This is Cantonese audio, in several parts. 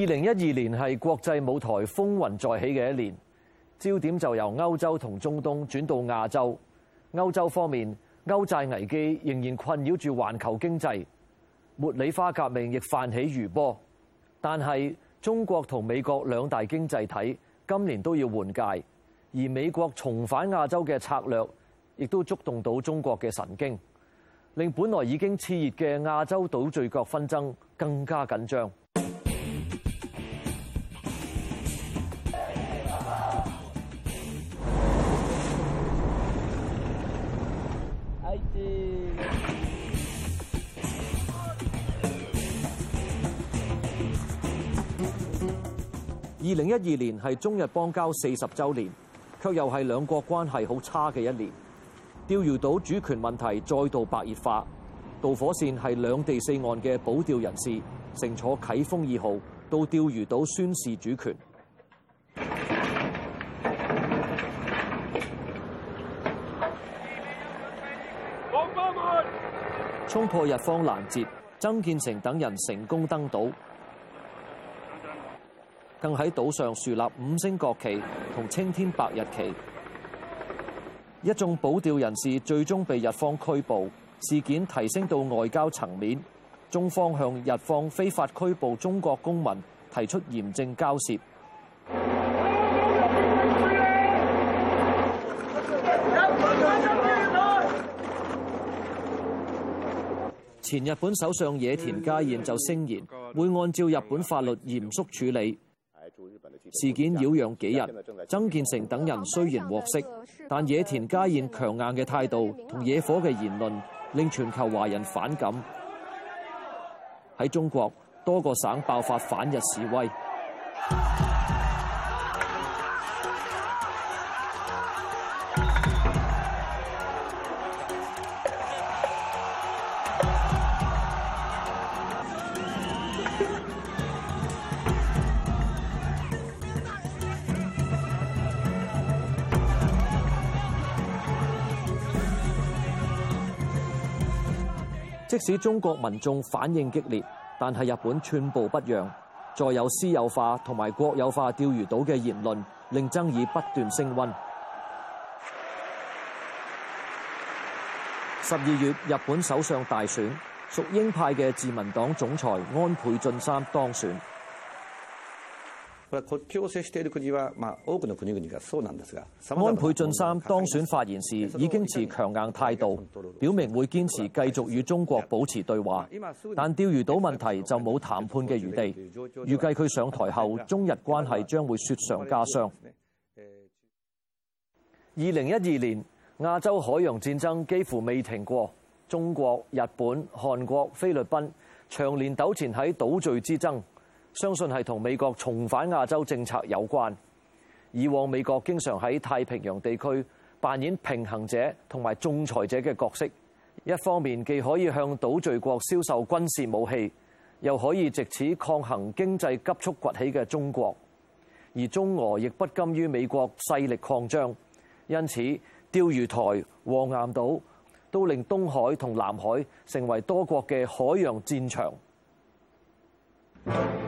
二零一二年係國際舞台風雲再起嘅一年，焦點就由歐洲同中東轉到亞洲。歐洲方面，歐債危機仍然困擾住環球經濟，茉莉花革命亦泛起餘波。但係中國同美國兩大經濟體今年都要換屆，而美國重返亞洲嘅策略亦都觸動到中國嘅神經，令本來已經熾熱嘅亞洲島嶼國紛爭更加緊張。二零一二年係中日邦交四十周年，卻又係兩國關係好差嘅一年。釣魚島主權問題再度白熱化，導火線係兩地四岸嘅保釣人士乘坐啟豐二號到釣魚島宣示主權，衝破日方攔截，曾建成等人成功登島。更喺島上樹立五星國旗同青天白日旗，一眾保釣人士最終被日方拘捕，事件提升到外交層面，中方向日方非法拘捕中國公民提出嚴正交涉。前日本首相野田佳彥就聲言會按照日本法律嚴肅處理。事件擾攘幾日，曾建成等人雖然獲釋，但野田佳彥強硬嘅態度同野火嘅言論，令全球華人反感。喺中國，多個省爆發反日示威。即使中國民眾反應激烈，但係日本寸步不讓，再有私有化同埋國有化釣魚島嘅言論，令爭議不斷升溫。十二月日本首相大選，屬鷹派嘅自民黨總裁安倍晉三當選。安倍晉三當選發言時，已經持強硬態度，表明會堅持繼續與中國保持對話，但釣魚島問題就冇談判嘅餘地。預計佢上台後，中日關係將會雪上加霜。二零一二年，亞洲海洋戰爭幾乎未停過，中國、日本、韓國、菲律賓長年糾纏喺島嶼之爭。相信係同美國重返亞洲政策有關。以往美國經常喺太平洋地區扮演平衡者同埋仲裁者嘅角色，一方面既可以向島嶼國銷售軍事武器，又可以借此抗衡經濟急速崛起嘅中國。而中俄亦不甘於美國勢力擴張，因此釣魚台、黃岩島都令東海同南海成為多國嘅海洋戰場。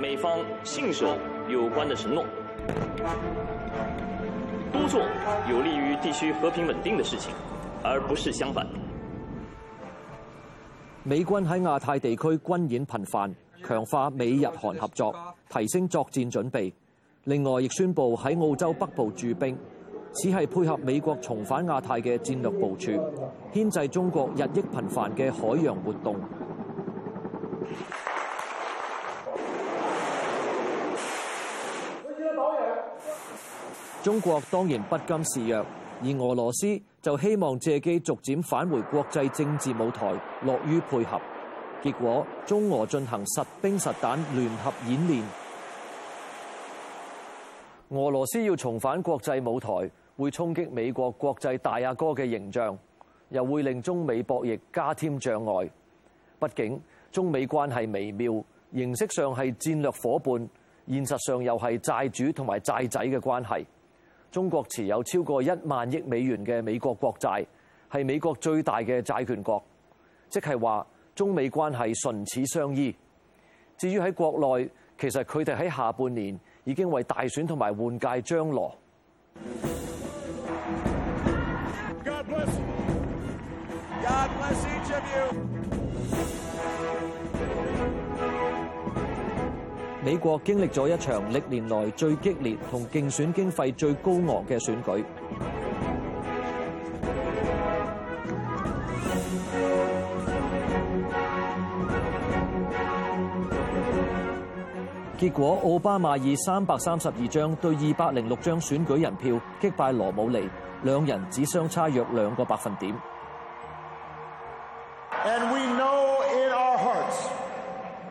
美方信守有關的承諾，多做有利於地區和平穩定的事情，而不是相反。美軍喺亞太地區軍演頻繁，強化美日韓合作，提升作戰準備。另外，亦宣布喺澳洲北部駐兵，此係配合美國重返亞太嘅戰略部署，牽制中國日益頻繁嘅海洋活動。中國當然不甘示弱，而俄羅斯就希望借機逐漸返回國際政治舞台，樂於配合。結果中俄進行實兵實彈聯合演練。俄羅斯要重返國際舞台，會衝擊美國國際大阿哥嘅形象，又會令中美博弈加添障礙。畢竟中美關係微妙，形式上係戰略夥伴，現實上又係債主同埋債仔嘅關係。中國持有超過一萬億美元嘅美國國債，係美國最大嘅債權國，即係話中美關係唇齒相依。至於喺國內，其實佢哋喺下半年已經為大選同埋換屆張羅。God bless. God bless each of you. 美國經歷咗一場歷年來最激烈同競選經費最高昂嘅選舉，結果奧巴馬以三百三十二張對二百零六張選舉人票擊敗羅姆尼，兩人只相差約兩個百分點。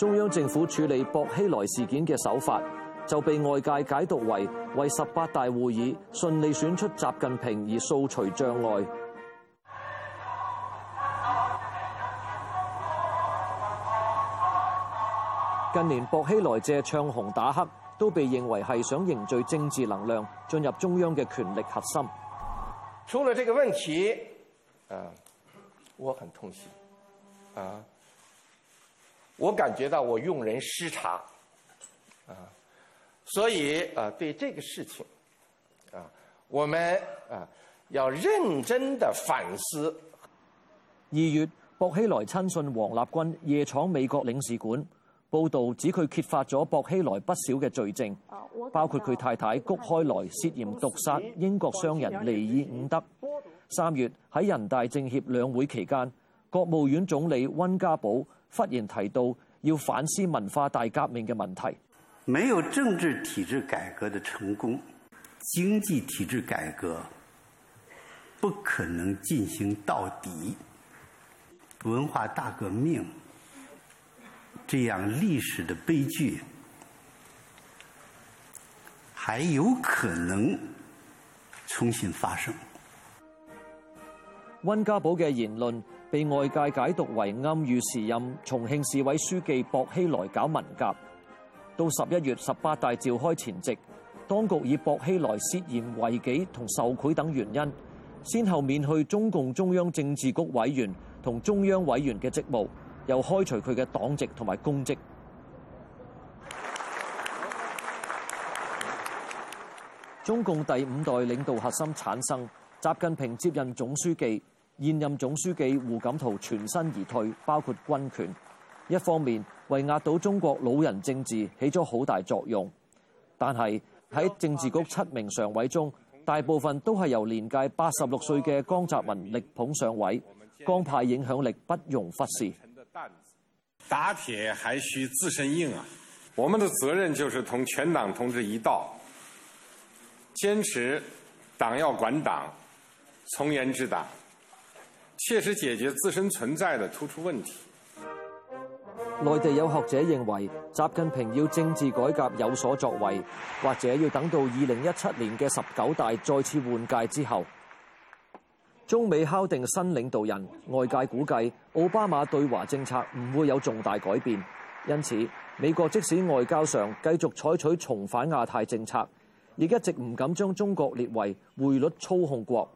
中央政府處理薄熙來事件嘅手法，就被外界解讀為為十八大會議順利選出習近平而掃除障礙。近年薄熙來借唱紅打黑，都被認為係想凝聚政治能量，進入中央嘅權力核心。出了這個問題，呃、我很痛心，啊、呃。我感覺到我用人失察，啊，所以啊，對這個事情，啊，我們啊要認真的反思。二月，薄熙來親信王立軍夜闖美國領事館，報道指佢揭發咗薄熙來不少嘅罪證，包括佢太太谷開來涉嫌毒殺英國商人利爾伍德。三月喺人大政協兩會期間，國務院總理溫家寶。忽然提到要反思文化大革命嘅問題，沒有政治體制改革的成功，經濟體制改革不可能進行到底，文化大革命這樣歷史的悲劇還有可能重新發生。温家寶嘅言論。被外界解讀為暗喻時任重慶市委書記薄熙來搞文革。到十一月十八大召開前夕，當局以薄熙來涉嫌違紀同受賄等原因，先後免去中共中央政治局委員同中央委員嘅職務，又開除佢嘅黨籍同埋公職。中共第五代領導核心產生，習近平接任總書記。現任總書記胡錦濤全身而退，包括軍權，一方面為壓倒中國老人政治起咗好大作用，但係喺政治局七名常委中，大部分都係由年屆八十六歲嘅江澤民力捧上位，江派影響力不容忽視。打鐵還需自身硬啊！我們的責任就是同全黨同志一道，堅持黨要管黨、從嚴治黨。切實解決自身存在的突出問題。內地有學者認為，習近平要政治改革有所作為，或者要等到二零一七年嘅十九大再次換屆之後。中美敲定新領導人，外界估計奧巴馬對華政策唔會有重大改變，因此，美國即使外交上繼續採取重返亞太政策，亦一直唔敢將中國列為匯率操控國。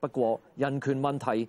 不過人權問題。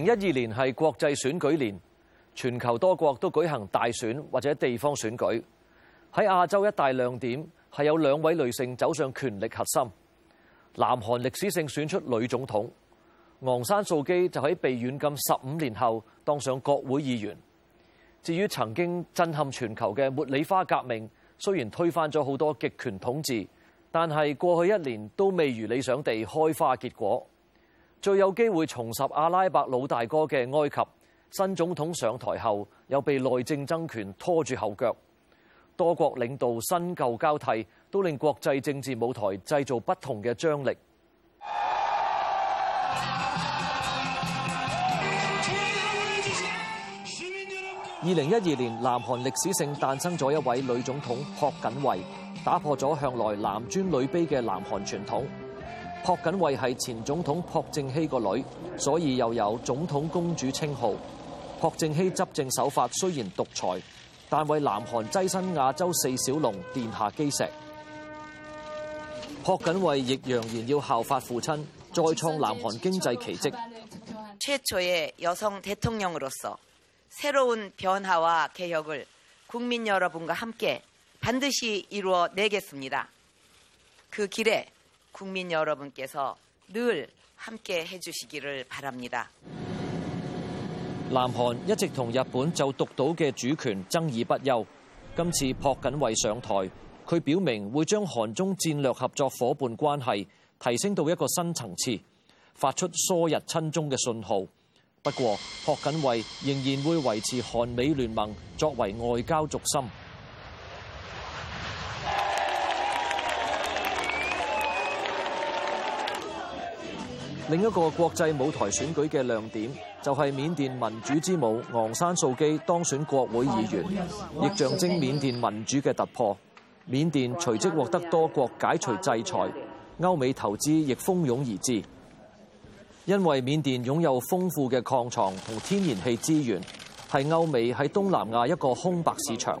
二零一二年係國際選舉年，全球多國都舉行大選或者地方選舉。喺亞洲一大亮點，係有兩位女性走上權力核心。南韓歷史性選出女總統，昂山素姬就喺被軟禁十五年後當上國會議員。至於曾經震撼全球嘅茉莉花革命，雖然推翻咗好多極權統治，但係過去一年都未如理想地開花結果。最有機會重拾阿拉伯老大哥嘅埃及新總統上台後，又被內政爭權拖住後腳。多國領導新舊交替，都令國際政治舞台製造不同嘅張力。二零一二年，南韓歷史性誕生咗一位女總統朴槿惠，打破咗向來男尊女卑嘅南韓傳統。朴槿惠係前總統朴正熙個女，所以又有總統公主稱號。朴正熙執政手法雖然獨裁，但為南韓躋身亞洲四小龍奠下基石。朴槿惠亦揚言要效法父親，再創南韓經濟奇蹟。最女性總統，變化和民，국민여러분께서늘함께해주시기를바랍니다。南韓一直同日本就獨島嘅主權爭議不休。今次朴槿惠上台，佢表明會將韓中戰略合作夥伴關係提升到一個新層次，發出疏日親中嘅信號。不過，朴槿惠仍然會維持韓美聯盟作為外交軸心。另一個國際舞台選舉嘅亮點，就係，緬甸民主之母昂山素基當選國會議員，亦象徵緬甸民主嘅突破。緬甸隨即獲得多國解除制裁，歐美投資亦蜂擁而至，因為緬甸擁有豐富嘅礦床同天然氣資源，係歐美喺東南亞一個空白市場。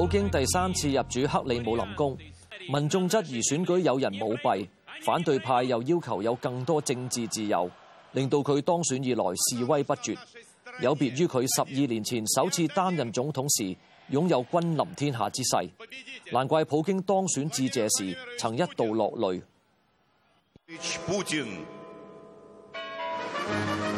普京第三次入主克里姆林宮，民眾質疑選舉有人舞弊，反對派又要求有更多政治自由，令到佢當選以來示威不絕。有別於佢十二年前首次擔任總統時擁有君臨天下之勢，難怪普京當選致謝時曾一度落淚。嗯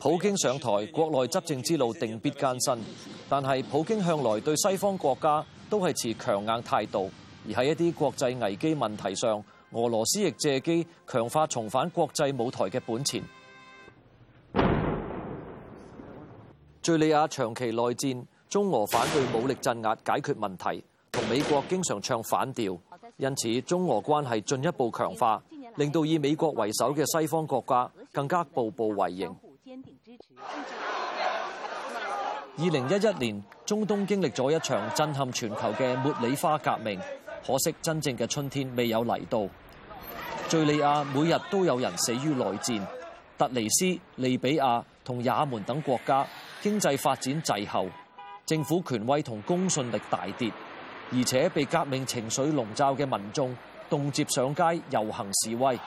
普京上台，國內執政之路定必艱辛。但係普京向來對西方國家都係持強硬態度，而喺一啲國際危機問題上，俄羅斯亦借機強化重返國際舞台嘅本錢。敘利亞長期內戰，中俄反對武力鎮壓解決問題，同美國經常唱反調，因此中俄關係進一步強化，令到以美國為首嘅西方國家更加步步為營。二零一一年，中東經歷咗一場震撼全球嘅茉莉花革命，可惜真正嘅春天未有嚟到。敘利亞每日都有人死於內戰，突尼斯、利比亞同也門等國家經濟發展滯後，政府權威同公信力大跌，而且被革命情緒籠罩嘅民眾，動輒上街遊行示威。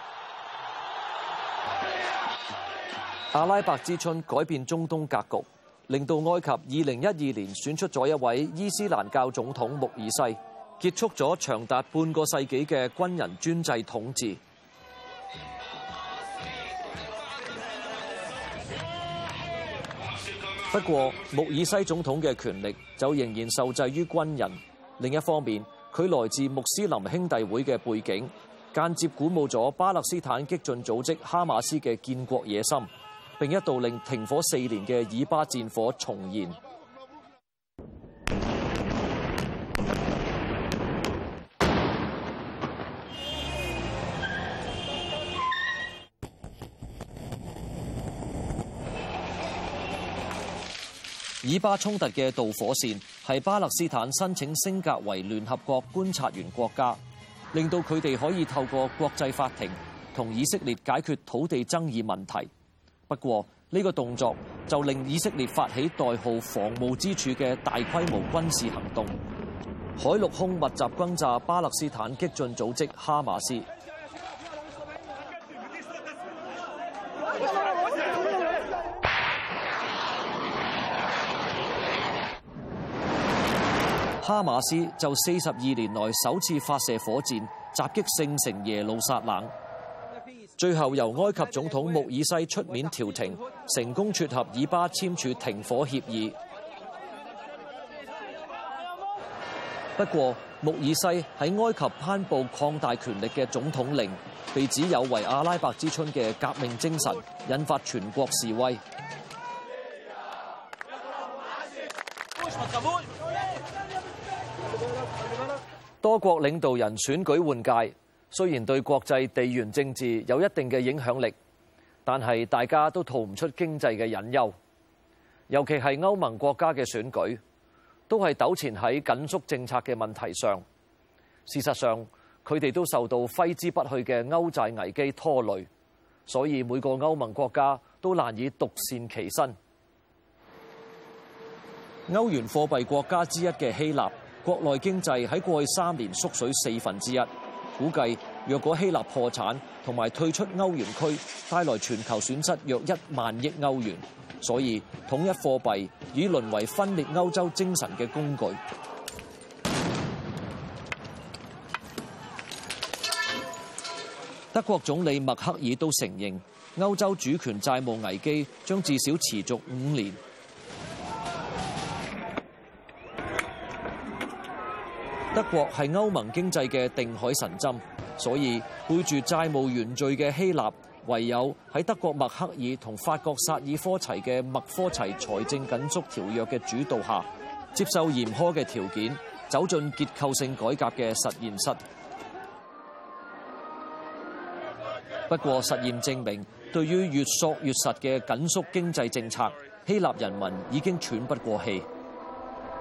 阿拉伯之春改變中東格局，令到埃及二零一二年選出咗一位伊斯蘭教總統穆爾西，結束咗長達半個世紀嘅軍人專制統治。不過，穆爾西總統嘅權力就仍然受制於軍人。另一方面，佢來自穆斯林兄弟會嘅背景，間接鼓舞咗巴勒斯坦激進組織哈馬斯嘅建國野心。並一度令停火四年嘅以巴戰火重燃。以巴衝突嘅導火線係巴勒斯坦申請升格為聯合國觀察員國家，令到佢哋可以透過國際法庭同以色列解決土地爭議問題。不過，呢、這個動作就令以色列發起代號「防務之柱」嘅大規模軍事行動，海陸空密集轟炸巴勒斯坦激進組織哈馬斯。哈馬斯就四十二年來首次發射火箭，襲擊聖城耶路撒冷。最後由埃及總統穆爾西出面調停，成功撮合以巴簽署停火協議。不過，穆爾西喺埃及頒布擴大權力嘅總統令，被指有違阿拉伯之春嘅革命精神，引發全國示威。多國領導人選舉換屆。雖然對國際地緣政治有一定嘅影響力，但係大家都逃唔出經濟嘅隱憂。尤其係歐盟國家嘅選舉，都係糾纏喺緊縮政策嘅問題上。事實上，佢哋都受到揮之不去嘅歐債危機拖累，所以每個歐盟國家都難以獨善其身。歐元貨幣國家之一嘅希臘，國內經濟喺過去三年縮水四分之一。估計若果希臘破產同埋退出歐元區，帶來全球損失約一萬億歐元。所以統一貨幣已淪為分裂歐洲精神嘅工具。德國總理默克爾都承認，歐洲主權債務危機將至少持續五年。德國係歐盟經濟嘅定海神針，所以背住債務原罪嘅希臘，唯有喺德國默克爾同法國薩爾科齊嘅默科齊財政緊縮條約嘅主導下，接受嚴苛嘅條件，走進結構性改革嘅實驗室。不過實驗證明，對於越索越實嘅緊縮經濟政策，希臘人民已經喘不過氣。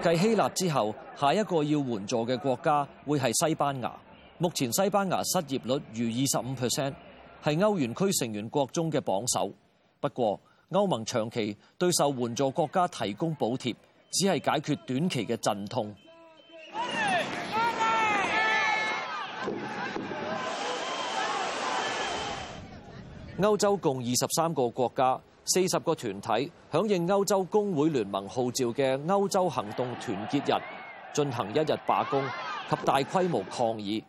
繼希臘之後，下一個要援助嘅國家會係西班牙。目前西班牙失業率逾二十五 percent，係歐元區成員國中嘅榜首。不過，歐盟長期對受援助國家提供補貼，只係解決短期嘅陣痛。Burton 歐洲共二十三個國家。四十個團體響應歐洲工會聯盟號召嘅歐洲行動團結日，進行一日罷工及大規模抗議。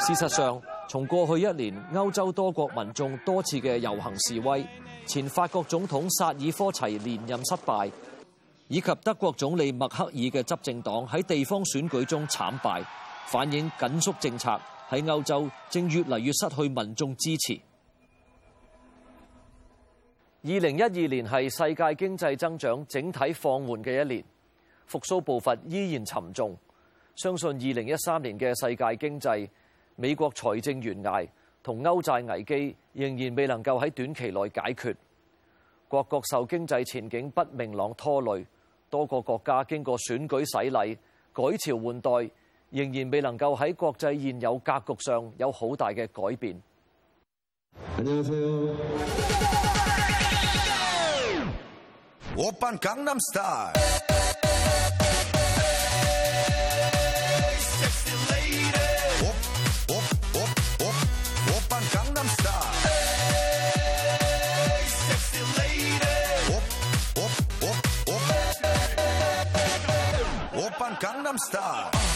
事實上，從過去一年，歐洲多國民眾多次嘅遊行示威，前法國總統薩爾科齊連任失敗，以及德國總理默克爾嘅執政黨喺地方選舉中慘敗。反映緊縮政策，喺歐洲正越嚟越失去民眾支持。二零一二年係世界經濟增長整體放緩嘅一年，復甦步伐依然沉重。相信二零一三年嘅世界經濟、美國財政懸崖同歐債危機仍然未能夠喺短期內解決。各國受經濟前景不明朗拖累，多個國家經過選舉洗禮，改朝換代。仍然未能夠喺國際現有格局上有好大嘅改變。